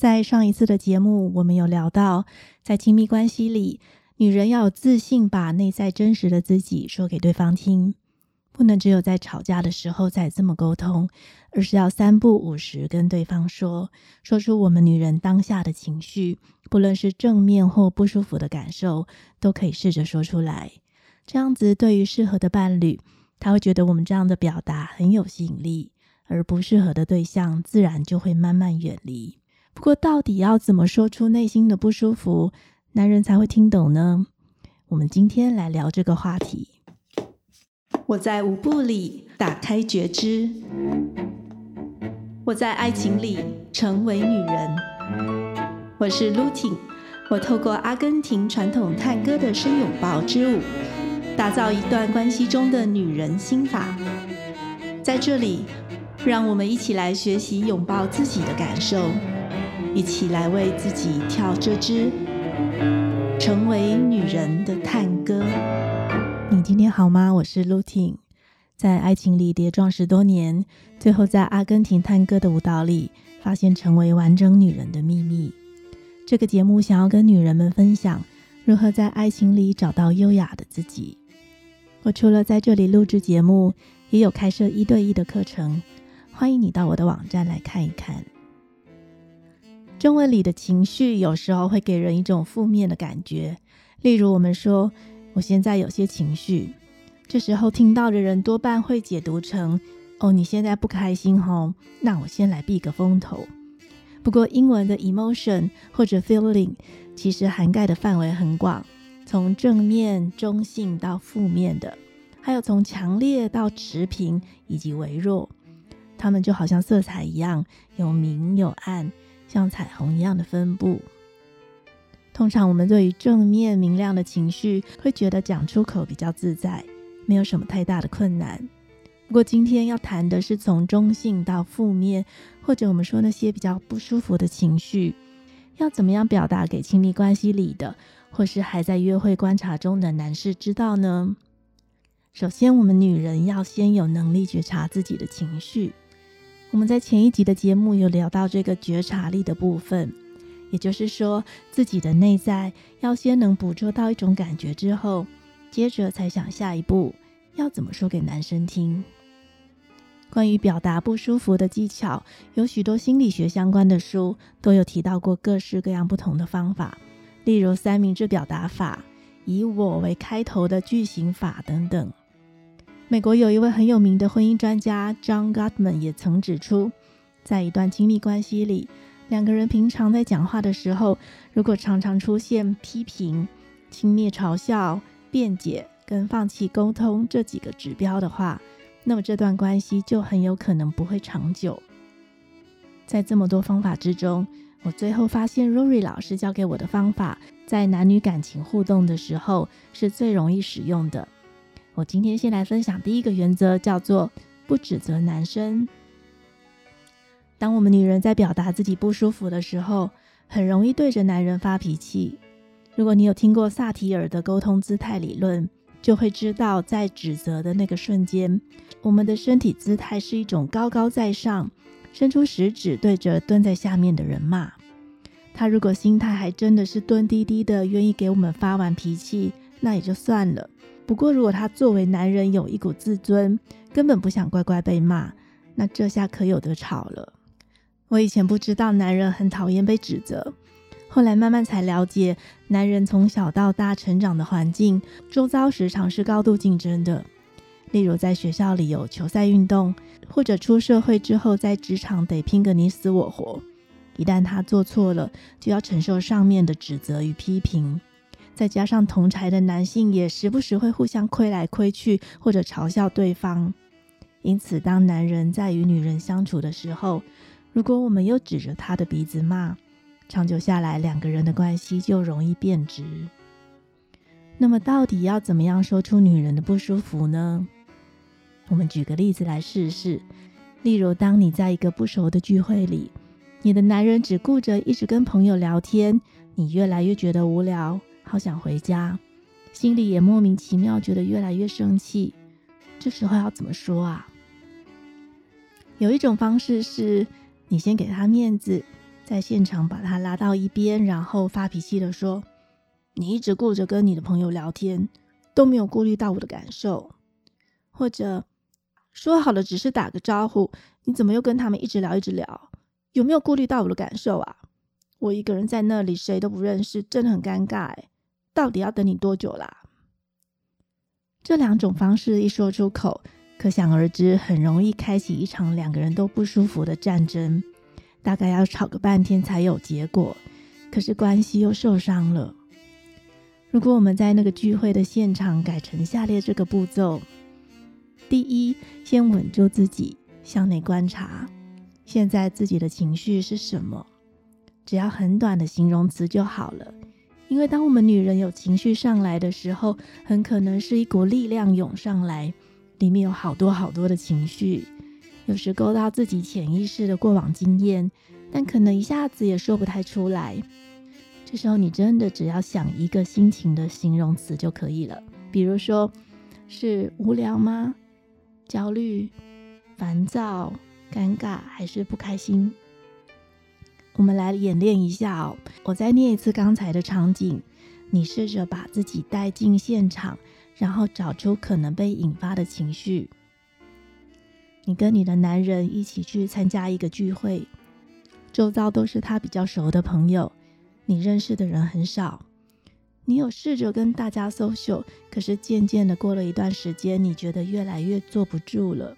在上一次的節目，我們有聊到，在親密關係裡，女人要有自信，把內在真實的自己說給對方聽，不能只有在吵架的時候才這麼溝通，而是要三不五時跟對方說，說出我們女人當下的情緒，不論是正面或不舒服的感受，都可以試着說出來。這樣子，對於適合的伴侶，他會覺得我們這樣的表達很有吸引力，而不適合的對象，自然就會慢慢遠離。不過，到底要怎麼說出內心的不舒服，男人才會聽懂呢？我們今天來聊這個話題。我在舞步裡打開覺知，我在愛情裡成為女人。我是 Lutin。我透過阿根廷傳統探戈的深擁抱之舞，打造一段關係中的女人心法。在這裡，讓我們一起來學習擁抱自己的感受。一起來為自己跳這支《成為女人的探戈》。你今天好嗎？我是露婷，在愛情裡跌撞十多年，最後在阿根廷探戈的舞蹈裡，發現成為完整女人的秘密。這個節目想要跟女人們分享，如何在愛情裡找到優雅的自己。我除了在這裡錄製節目，也有開設一對一的課程，歡迎你到我的網站來看一看。中文裡的情緒有時候會給人一種負面的感覺，例如我們說“我現在有些情緒”，這時候聽到的人多半會解讀成“哦，你現在不開心哦”，那我先來避個風頭。不過英文的 emotion 或者 feeling 其實涵蓋的範圍很廣，從正面、中性到負面的，還有從強烈到持平以及微弱，它們就好像色彩一樣，有明有暗。像彩虹一樣的分佈。通常我們對於正面明亮的情緒，會覺得講出口比較自在，沒有什麼太大的困難。不過今天要談的是從中性到負面，或者我們說那些比較不舒服的情緒，要怎麼樣表達給親密關係裡的，或是還在約會觀察中的男士知道呢？首先，我們女人要先有能力覺察自己的情緒。我們在前一集的節目有聊到這個覺察力的部分，也就是說，自己的內在要先能捕捉到一種感覺之後，接着才想下一步要怎麼說給男生聽。關於表達不舒服的技巧，有許多心理學相關的書都有提到過各式各樣不同的方法，例如三明治表達法、以我為開頭的句型法等等。美國有一位很有名的婚姻專家 John Gottman 也曾指出，在一段親密關係裡，兩個人平常在講話的時候，如果常常出現批評、輕蔑、嘲笑、辯解跟放棄溝通這幾個指標的話，那麼這段關係就很有可能不會長久。在這麼多方法之中，我最後發現 Rory 老師教給我的方法，在男女感情互動的時候是最容易使用的。我今天先來分享第一個原則，叫做不指責男生。當我們女人在表達自己不舒服的時候，很容易對着男人發脾氣。如果你有聽過薩提爾的溝通姿態理論，就會知道，在指責的那個瞬間，我們的身體姿態是一種高高在上，伸出食指對着蹲在下面的人罵。他如果心態還真的是蹲低低的，願意給我們發完脾氣。那也就算了。不過，如果他作為男人有一股自尊，根本不想乖乖被罵，那這下可有得吵了。我以前不知道男人很討厭被指責，後來慢慢才了解，男人從小到大成長的環境，周遭時常是高度競爭的。例如，在學校裡有球賽運動，或者出社會之後在職場得拼個你死我活。一旦他做錯了，就要承受上面的指責與批評。再加上同儕的男性，也時不時會互相虧來虧去，或者嘲笑對方。因此，當男人在與女人相處的時候，如果我們又指着他的鼻子罵，長久下來，兩個人的關係就容易變質。那麼，到底要怎麼樣說出女人的不舒服呢？我們舉個例子來試試。例如，當你在一個不熟的聚會裡，你的男人只顧着一直跟朋友聊天，你越來越覺得無聊。好想回家，心裡也莫名其妙，覺得越來越生氣。這時候要怎麼說啊？有一種方式是你先給他面子，在現場把他拉到一邊，然後發脾氣的說：“你一直顧着跟你的朋友聊天，都沒有顧慮到我的感受。”或者說好了，只是打個招呼，你怎麼又跟他們一直聊一直聊？有沒有顧慮到我的感受啊？我一個人在那裡，誰都不認識，真的很尷尬欸。到底要等你多久啦啊？這兩種方式一說出口，可想而知，很容易開啟一場兩個人都不舒服的戰爭，大概要吵個半天才有結果，可是關係又受傷了。如果我們在那個聚會的現場改成下列這個步驟：第一，先穩住自己，向內觀察，現在自己的情緒是什麼？只要很短的形容詞就好了。因為當我們女人有情緒上來的時候，很可能是一股力量湧上來，裡面有好多好多的情緒，有時勾到自己潛意識的過往經驗，但可能一下子也說不太出來。這時候你真的只要想一個心情的形容詞就可以了，比如說是無聊嗎？焦慮、煩躁、尷尬還是不開心？我們來演練一下哦，我再念一次剛才的場景，你試着把自己帶進現場，然後找出可能被引發的情緒。你跟你的男人一起去參加一個聚會，周遭都是他比較熟的朋友，你認識的人很少。你有試着跟大家 social，可是漸漸的過了一段時間，你覺得越來越坐不住了，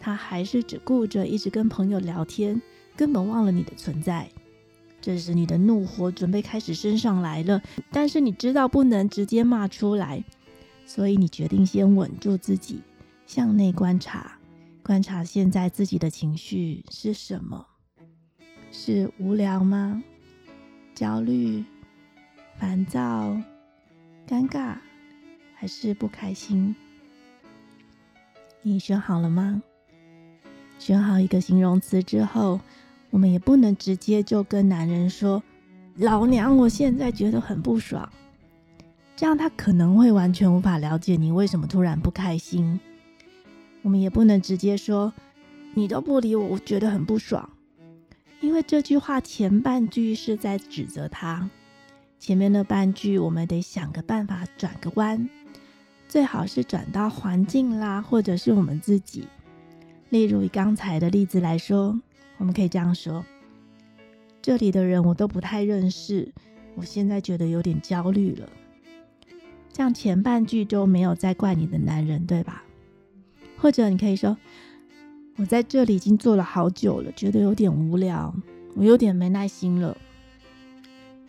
他還是只顧着一直跟朋友聊天。根本忘了你的存在。這時你的怒火準備開始升上來了，但是你知道不能直接罵出來，所以你決定先穩住自己，向內觀察，觀察現在自己的情緒是什麼？是無聊嗎？焦慮、煩躁、尷尬，還是不開心？你選好了嗎？選好一個形容詞之後。我們也不能直接就跟男人說：“老娘，我現在覺得很不爽。”這樣他可能會完全無法了解你為什麼突然不開心。我們也不能直接說：“你都不理我，我覺得很不爽。”因為這句話前半句是在指責他，前面那半句我們得想個辦法轉個彎，最好是轉到環境啦，或者是我們自己。例如以剛才的例子來說。我們可以這樣說：這裡的人我都不太認識，我現在覺得有點焦慮了。這樣前半句都沒有在怪你的男人，對吧？或者你可以說：我在這裡已經坐了好久了，覺得有點無聊，我有點沒耐心了。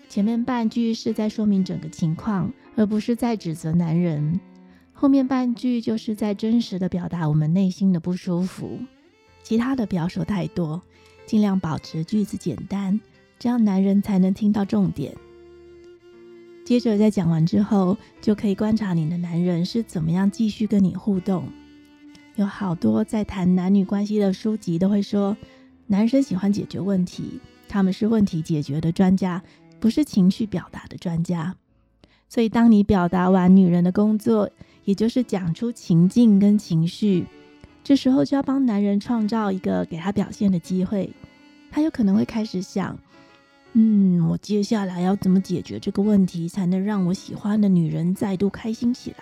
前面半句是在說明整個情況，而不是在指責男人；後面半句就是在真實的表達我們內心的不舒服。其他的不要說太多，盡量保持句子簡單，這樣男人才能聽到重點。接着在講完之後，就可以觀察你的男人是怎麼樣繼續跟你互動。有好多在談男女關係的書籍都會說，男生喜歡解決問題，他們是問題解決的專家，不是情緒表達的專家。所以當你表達完女人的工作，也就是講出情境跟情緒，這時候就要幫男人創造一個給他表現的機會，他有可能會開始想，嗯，我接下來要怎麼解決這個問題，才能讓我喜歡的女人再度開心起來？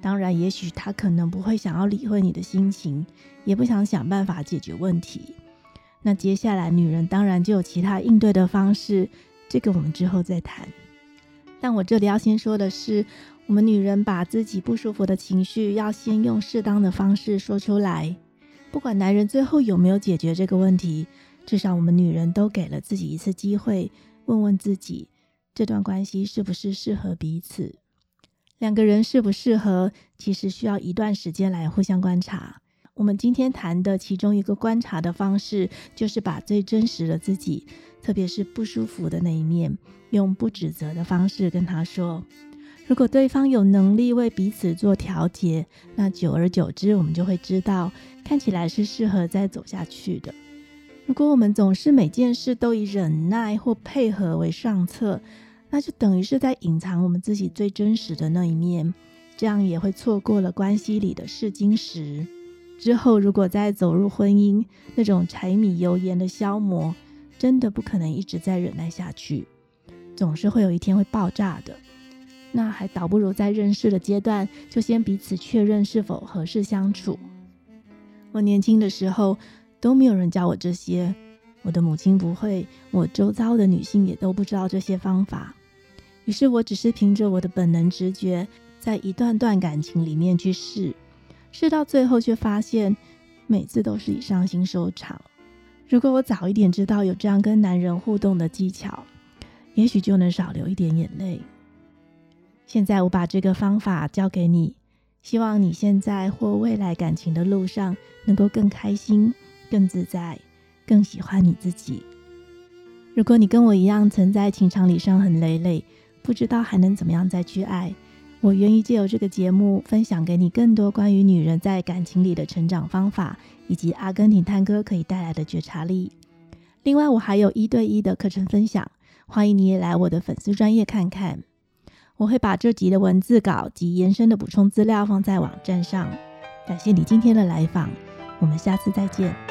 當然，也許他可能不會想要理會你的心情，也不想想辦法解決問題。那接下來女人當然就有其他應對的方式，這個我們之後再談。但我這裡要先說的是，我們女人把自己不舒服的情緒要先用適當的方式說出來，不管男人最後有沒有解決這個問題，至少我們女人都給了自己一次機會，問問自己，這段關係是不是適合彼此？兩個人適不適合，其實需要一段時間來互相觀察。我們今天談的其中一個觀察的方式，就是把最真實的自己，特別是不舒服的那一面，用不指責的方式跟他說。如果對方有能力為彼此做調節，那久而久之，我們就會知道看起來是適合再走下去的。如果我們總是每件事都以忍耐或配合為上策，那就等於是在隱藏我們自己最真實的那一面，這樣也會錯過了關係裡的試金石。之後，如果再走入婚姻，那種柴米油鹽的消磨，真的不可能一直再忍耐下去，總是會有一天會爆炸的。那還倒不如在認識的階段就先彼此確認是否合適相處。我年輕的時候都沒有人教我這些，我的母親不會，我周遭的女性也都不知道這些方法。於是，我只是憑着我的本能直覺，在一段段感情裡面去試，試到最後卻發現每次都是以傷心收場。如果我早一點知道有這樣跟男人互動的技巧，也許就能少流一點眼淚。現在我把這個方法教給你，希望你現在或未來感情的路上能夠更開心、更自在、更喜歡你自己。如果你跟我一樣曾在情場裡傷痕累累，不知道還能怎麼樣再去愛，我願意借由這個節目分享給你更多關於女人在感情裡的成長方法，以及阿根廷探戈可以帶來的覺察力。另外，我還有一對一的課程分享，歡迎你也來我的粉絲專頁看看。我會把這集的文字稿及延伸的補充資料放在網站上。感謝你今天的來訪，我們下次再見。